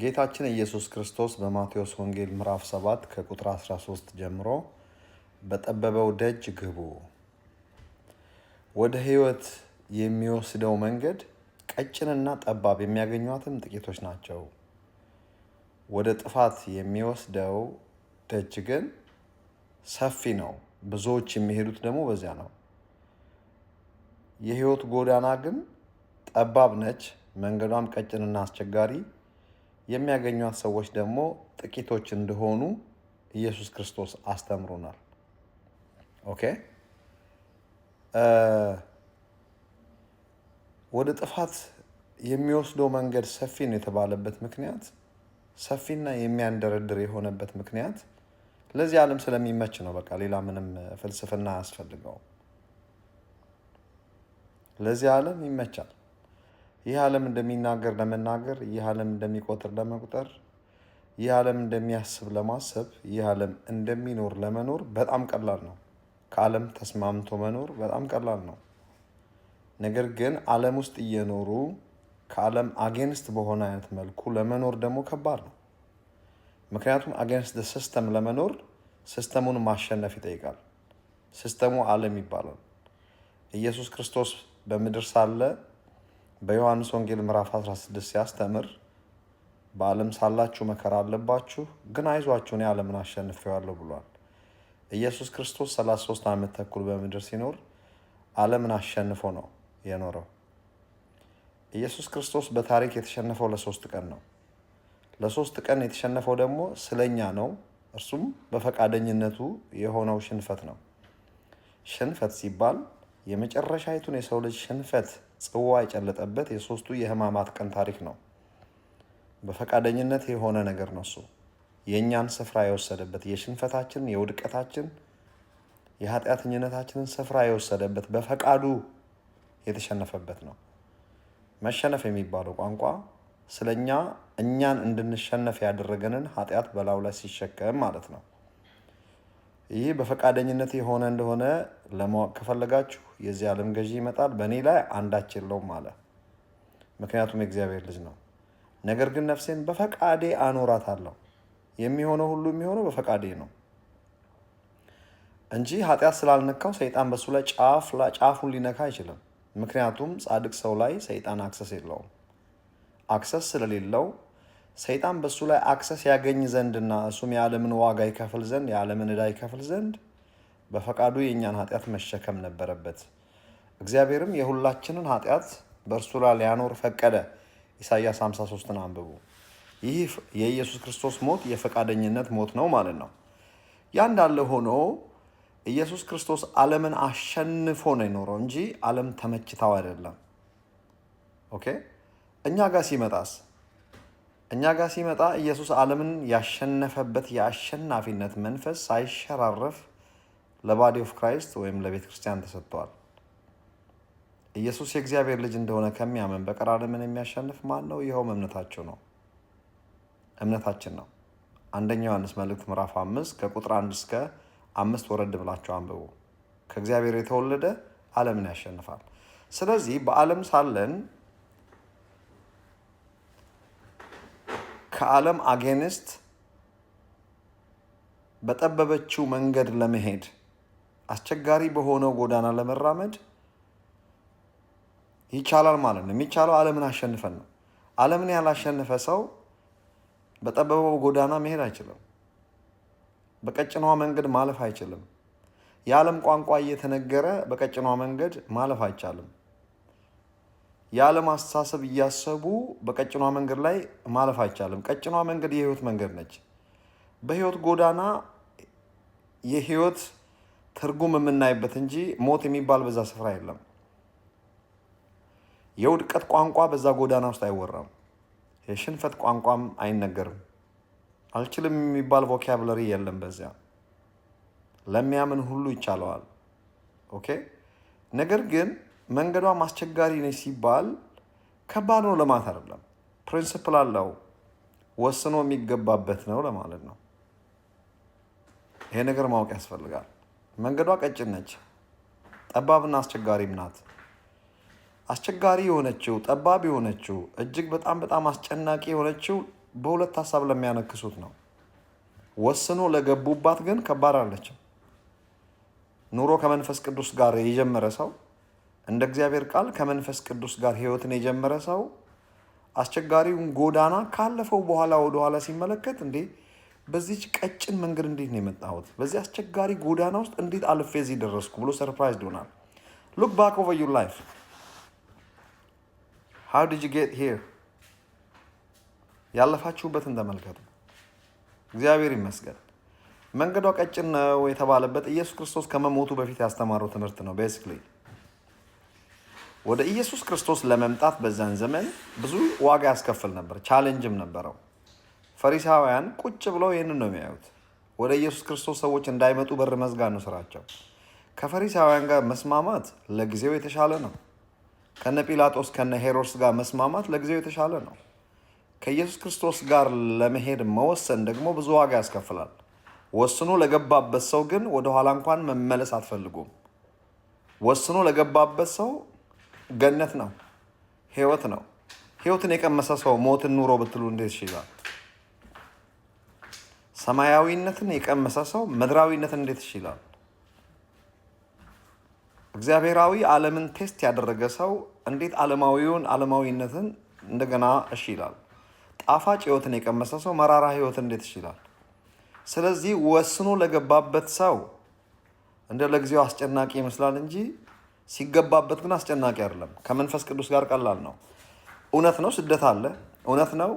ጌታችን ኢየሱስ ክርስቶስ በማቴዎስ ወንጌል ምዕራፍ 7 ከቁጥር 13 ጀምሮ በጠበበው ደጅ ግቡ፣ ወደ ሕይወት የሚወስደው መንገድ ቀጭንና ጠባብ የሚያገኟትም ጥቂቶች ናቸው። ወደ ጥፋት የሚወስደው ደጅ ግን ሰፊ ነው፣ ብዙዎች የሚሄዱት ደግሞ በዚያ ነው። የህይወት ጎዳና ግን ጠባብ ነች፣ መንገዷም ቀጭንና አስቸጋሪ፣ የሚያገኟት ሰዎች ደግሞ ጥቂቶች እንደሆኑ ኢየሱስ ክርስቶስ አስተምሮናል። ኦኬ ወደ ጥፋት የሚወስደው መንገድ ሰፊ ነው የተባለበት ምክንያት ሰፊና የሚያንደረድር የሆነበት ምክንያት ለዚህ ዓለም ስለሚመች ነው። በቃ ሌላ ምንም ፍልስፍና አያስፈልገውም። ለዚህ ዓለም ይመቻል። ይህ ዓለም እንደሚናገር ለመናገር፣ ይህ ዓለም እንደሚቆጥር ለመቁጠር፣ ይህ ዓለም እንደሚያስብ ለማሰብ፣ ይህ ዓለም እንደሚኖር ለመኖር በጣም ቀላል ነው። ከዓለም ተስማምቶ መኖር በጣም ቀላል ነው። ነገር ግን ዓለም ውስጥ እየኖሩ ከዓለም አጌንስት በሆነ አይነት መልኩ ለመኖር ደግሞ ከባድ ነው። ምክንያቱም አጌንስት ሲስተም ለመኖር ሲስተሙን ማሸነፍ ይጠይቃል። ሲስተሙ ዓለም ይባላል። ኢየሱስ ክርስቶስ በምድር ሳለ በዮሐንስ ወንጌል ምዕራፍ 16 ሲያስተምር በዓለም ሳላችሁ መከራ አለባችሁ፣ ግን አይዟችሁ እኔ ዓለምን አሸንፌዋለሁ ብሏል። ኢየሱስ ክርስቶስ 33 ዓመት ተኩል በምድር ሲኖር ዓለምን አሸንፎ ነው የኖረው። ኢየሱስ ክርስቶስ በታሪክ የተሸነፈው ለሶስት ቀን ነው። ለሶስት ቀን የተሸነፈው ደግሞ ስለኛ ነው። እርሱም በፈቃደኝነቱ የሆነው ሽንፈት ነው። ሽንፈት ሲባል የመጨረሻይቱን የሰው ልጅ ሽንፈት ጽዋ የጨለጠበት የሶስቱ የህማማት ቀን ታሪክ ነው። በፈቃደኝነት የሆነ ነገር ነው። እሱ የእኛን ስፍራ የወሰደበት የሽንፈታችን፣ የውድቀታችን፣ የኃጢአተኝነታችንን ስፍራ የወሰደበት በፈቃዱ የተሸነፈበት ነው። መሸነፍ የሚባለው ቋንቋ ስለኛ እኛን እንድንሸነፍ ያደረገንን ኃጢአት በላዩ ላይ ሲሸከም ማለት ነው። ይህ በፈቃደኝነት የሆነ እንደሆነ ለማወቅ ከፈለጋችሁ የዚህ ዓለም ገዢ ይመጣል፣ በእኔ ላይ አንዳች የለውም አለ። ምክንያቱም የእግዚአብሔር ልጅ ነው። ነገር ግን ነፍሴን በፈቃዴ አኖራታለሁ። የሚሆነው ሁሉ የሚሆነው በፈቃዴ ነው እንጂ ኃጢአት ስላልነካው ሰይጣን በሱ ላይ ጫፉን ሊነካ አይችልም። ምክንያቱም ጻድቅ ሰው ላይ ሰይጣን አክሰስ የለውም። አክሰስ ስለሌለው ሰይጣን በእሱ ላይ አክሰስ ያገኝ ዘንድና እሱም የዓለምን ዋጋ ይከፍል ዘንድ የዓለምን ዕዳ ይከፍል ዘንድ በፈቃዱ የእኛን ኃጢአት መሸከም ነበረበት። እግዚአብሔርም የሁላችንን ኃጢአት በእርሱ ላይ ሊያኖር ፈቀደ። ኢሳያስ 53ን አንብቡ። ይህ የኢየሱስ ክርስቶስ ሞት የፈቃደኝነት ሞት ነው ማለት ነው። ያ እንዳለ ሆኖ ኢየሱስ ክርስቶስ ዓለምን አሸንፎ ነው የኖረው እንጂ ዓለም ተመችታው አይደለም። ኦኬ እኛ ጋር ሲመጣስ እኛ ጋር ሲመጣ ኢየሱስ ዓለምን ያሸነፈበት የአሸናፊነት መንፈስ ሳይሸራረፍ ለባዲ ኦፍ ክራይስት ወይም ለቤተ ክርስቲያን ተሰጥተዋል። ኢየሱስ የእግዚአብሔር ልጅ እንደሆነ ከሚያምን በቀር ዓለምን የሚያሸንፍ ማን ነው? ይኸውም እምነታቸው ነው እምነታችን ነው። አንደኛ ዮሐንስ መልእክት ምዕራፍ አምስት ከቁጥር አንድ እስከ አምስት ወረድ ብላቸው አንብቡ። ከእግዚአብሔር የተወለደ ዓለምን ያሸንፋል። ስለዚህ በዓለም ሳለን ከዓለም አጌንስት በጠበበችው መንገድ ለመሄድ አስቸጋሪ በሆነው ጎዳና ለመራመድ ይቻላል ማለት ነው። የሚቻለው ዓለምን አሸንፈን ነው። ዓለምን ያላሸነፈ ሰው በጠበበው ጎዳና መሄድ አይችልም። በቀጭኗ መንገድ ማለፍ አይችልም። የዓለም ቋንቋ እየተነገረ በቀጭኗ መንገድ ማለፍ አይቻልም። ያለማስተሳሰብ እያሰቡ በቀጭኗ መንገድ ላይ ማለፍ አይቻልም። ቀጭኗ መንገድ የህይወት መንገድ ነች። በህይወት ጎዳና የህይወት ትርጉም የምናይበት እንጂ ሞት የሚባል በዛ ስፍራ የለም። የውድቀት ቋንቋ በዛ ጎዳና ውስጥ አይወራም። የሽንፈት ቋንቋም አይነገርም። አልችልም የሚባል ቮካብለሪ የለም በዚያ። ለሚያምን ሁሉ ይቻለዋል። ኦኬ ነገር ግን መንገዷ ማስቸጋሪ ነች ሲባል ከባድ ነው ለማለት አይደለም። ፕሪንስፕል አለው ወስኖ የሚገባበት ነው ለማለት ነው። ይሄ ነገር ማወቅ ያስፈልጋል። መንገዷ ቀጭን ነች፣ ጠባብና አስቸጋሪም ናት። አስቸጋሪ የሆነችው ጠባብ የሆነችው እጅግ በጣም በጣም አስጨናቂ የሆነችው በሁለት ሀሳብ ለሚያነክሱት ነው። ወስኖ ለገቡባት ግን ከባድ አለችም። ኑሮ ከመንፈስ ቅዱስ ጋር የጀመረ ሰው እንደ እግዚአብሔር ቃል ከመንፈስ ቅዱስ ጋር ህይወትን የጀመረ ሰው አስቸጋሪውን ጎዳና ካለፈው በኋላ ወደኋላ ሲመለከት እንዴ በዚች ቀጭን መንገድ እንዴት ነው የመጣሁት? በዚህ አስቸጋሪ ጎዳና ውስጥ እንዴት አልፌ እዚህ ደረስኩ ብሎ ሰርፕራይዝ ይሆናል። ሉክ ባክ ኦቨር ዩር ላይፍ ሃው ዲድ ዩ ጌት ሄር። ያለፋችሁበትን ተመልከቱ። እግዚአብሔር ይመስገን። መንገዷ ቀጭን ነው የተባለበት ኢየሱስ ክርስቶስ ከመሞቱ በፊት ያስተማረው ትምህርት ነው ቤሲክሊ ወደ ኢየሱስ ክርስቶስ ለመምጣት በዛን ዘመን ብዙ ዋጋ ያስከፍል ነበር፣ ቻሌንጅም ነበረው። ፈሪሳውያን ቁጭ ብለው ይህንን ነው የሚያዩት። ወደ ኢየሱስ ክርስቶስ ሰዎች እንዳይመጡ በር መዝጋ ነው ስራቸው። ከፈሪሳውያን ጋር መስማማት ለጊዜው የተሻለ ነው። ከነ ጲላጦስ ከነ ሄሮድስ ጋር መስማማት ለጊዜው የተሻለ ነው። ከኢየሱስ ክርስቶስ ጋር ለመሄድ መወሰን ደግሞ ብዙ ዋጋ ያስከፍላል። ወስኖ ለገባበት ሰው ግን ወደኋላ እንኳን መመለስ አትፈልጉም። ወስኖ ለገባበት ሰው ገነት ነው፣ ህይወት ነው። ህይወትን የቀመሰ ሰው ሞትን ኑሮ ብትሉ እንዴት ይሽላል ሰማያዊነትን የቀመሰ ሰው ምድራዊነትን እንዴት ይሽላል እግዚአብሔራዊ ዓለምን ቴስት ያደረገ ሰው እንዴት ዓለማዊውን ዓለማዊነትን እንደገና እሺ ይላል? ጣፋጭ ህይወትን የቀመሰ ሰው መራራ ህይወትን እንዴት ይችላል? ስለዚህ ወስኖ ለገባበት ሰው እንደ ለጊዜው አስጨናቂ ይመስላል እንጂ ሲገባበት ግን አስጨናቂ አይደለም። ከመንፈስ ቅዱስ ጋር ቀላል ነው። እውነት ነው፣ ስደት አለ። እውነት ነው፣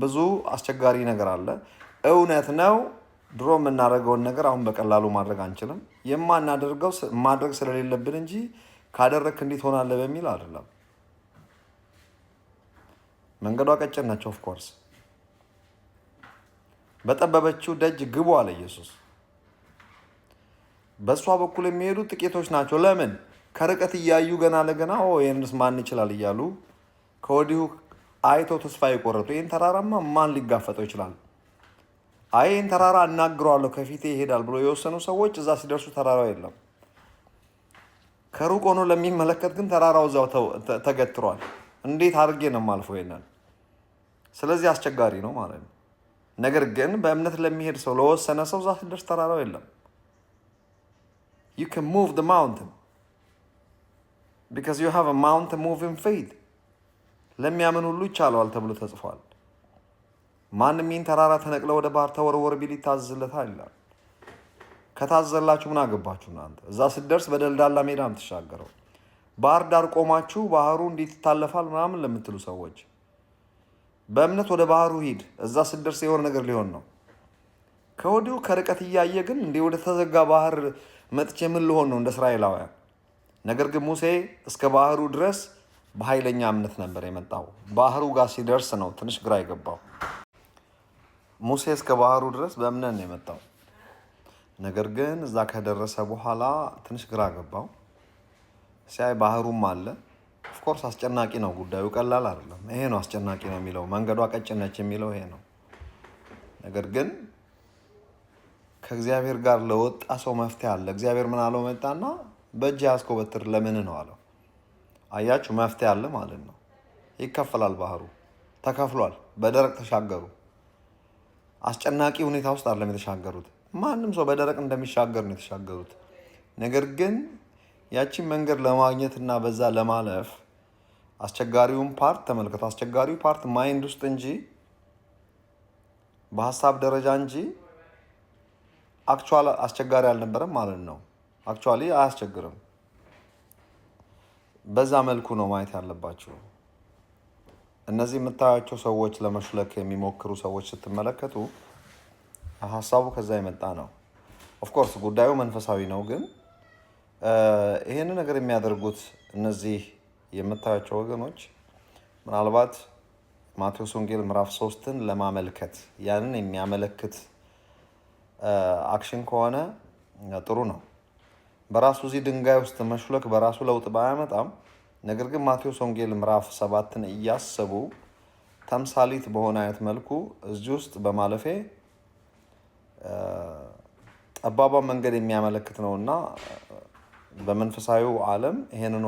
ብዙ አስቸጋሪ ነገር አለ። እውነት ነው፣ ድሮ የምናደርገውን ነገር አሁን በቀላሉ ማድረግ አንችልም። የማናደርገው ማድረግ ስለሌለብን እንጂ ካደረግክ እንዴት ሆናለ በሚል አይደለም። መንገዷ ቀጭን ናቸው። ኦፍኮርስ በጠበበችው ደጅ ግቡ አለ ኢየሱስ። በእሷ በኩል የሚሄዱ ጥቂቶች ናቸው። ለምን ከርቀት እያዩ ገና ለገና ይህንስ ማን ይችላል እያሉ ከወዲሁ አይቶ ተስፋ የቆረጡ ይህን ተራራማ ማን ሊጋፈጠው ይችላል? አይ ይህን ተራራ እናግረዋለሁ ከፊቴ ይሄዳል ብሎ የወሰኑ ሰዎች እዛ ሲደርሱ ተራራው የለም። ከሩቅ ሆኖ ለሚመለከት ግን ተራራው እዛው ተገትሯል። እንዴት አድርጌ ነው የማልፈው? ይሄንን ስለዚህ አስቸጋሪ ነው ማለት ነው። ነገር ግን በእምነት ለሚሄድ ሰው ለወሰነ ሰው እዛ ሲደርስ ተራራው የለም። you can move the mountain because you have a mountain moving faith ለሚያምን ሁሉ ይቻለዋል ተብሎ ተጽፏል። ማንም ይህን ተራራ ተነቅለ ወደ ባህር ተወርወር ቢል ይታዘዝለታል ይላል። ከታዘላችሁ ምን አገባችሁ እናንተ? እዛ ስትደርስ በደልዳላ ሜዳ የምትሻገረው። ባህር ዳር ቆማችሁ ባህሩ እንዴት ይታለፋል ምናምን ለምትሉ ሰዎች በእምነት ወደ ባህሩ ሂድ። እዛ ስደርስ የሆነ ነገር ሊሆን ነው። ከወዲሁ ከርቀት እያየ ግን እንዲህ ወደ ተዘጋ ባህር መጥቼ ምን ልሆን ነው እንደ እስራኤላውያን? ነገር ግን ሙሴ እስከ ባህሩ ድረስ በኃይለኛ እምነት ነበር የመጣው። ባህሩ ጋር ሲደርስ ነው ትንሽ ግራ የገባው። ሙሴ እስከ ባህሩ ድረስ በእምነት ነው የመጣው። ነገር ግን እዛ ከደረሰ በኋላ ትንሽ ግራ ገባው። ሲያይ ባህሩም አለ። ኦፍኮርስ አስጨናቂ ነው ጉዳዩ፣ ቀላል አይደለም። ይሄ ነው አስጨናቂ ነው የሚለው መንገዷ ቀጭነች የሚለው ይሄ ነው። ነገር ግን ከእግዚአብሔር ጋር ለወጣ ሰው መፍትሄ አለ። እግዚአብሔር ምን አለው? መጣና በእጅ ያዝከው በትር ለምን ነው አለው። አያችሁ፣ መፍትሄ አለ ማለት ነው። ይከፈላል። ባህሩ ተከፍሏል። በደረቅ ተሻገሩ። አስጨናቂ ሁኔታ ውስጥ አለም የተሻገሩት። ማንም ሰው በደረቅ እንደሚሻገር ነው የተሻገሩት። ነገር ግን ያቺን መንገድ ለማግኘትና በዛ ለማለፍ አስቸጋሪውን ፓርት ተመልከቱ። አስቸጋሪው ፓርት ማይንድ ውስጥ እንጂ በሀሳብ ደረጃ እንጂ አክቹዋል አስቸጋሪ አልነበረም ማለት ነው። አክቹዋሊ አያስቸግርም። በዛ መልኩ ነው ማየት ያለባቸው። እነዚህ የምታያቸው ሰዎች ለመሽለክ የሚሞክሩ ሰዎች ስትመለከቱ ሀሳቡ ከዛ የመጣ ነው። ኦፍኮርስ ጉዳዩ መንፈሳዊ ነው፣ ግን ይህን ነገር የሚያደርጉት እነዚህ የምታያቸው ወገኖች ምናልባት ማቴዎስ ወንጌል ምዕራፍ ሶስትን ለማመልከት ያንን የሚያመለክት አክሽን ከሆነ ጥሩ ነው። በራሱ እዚህ ድንጋይ ውስጥ መሽለክ በራሱ ለውጥ ባያመጣም ነገር ግን ማቴዎስ ወንጌል ምዕራፍ ሰባትን እያሰቡ ተምሳሊት በሆነ አይነት መልኩ እዚህ ውስጥ በማለፌ ጠባባ መንገድ የሚያመለክት ነው እና በመንፈሳዊው ዓለም ይሄንኑ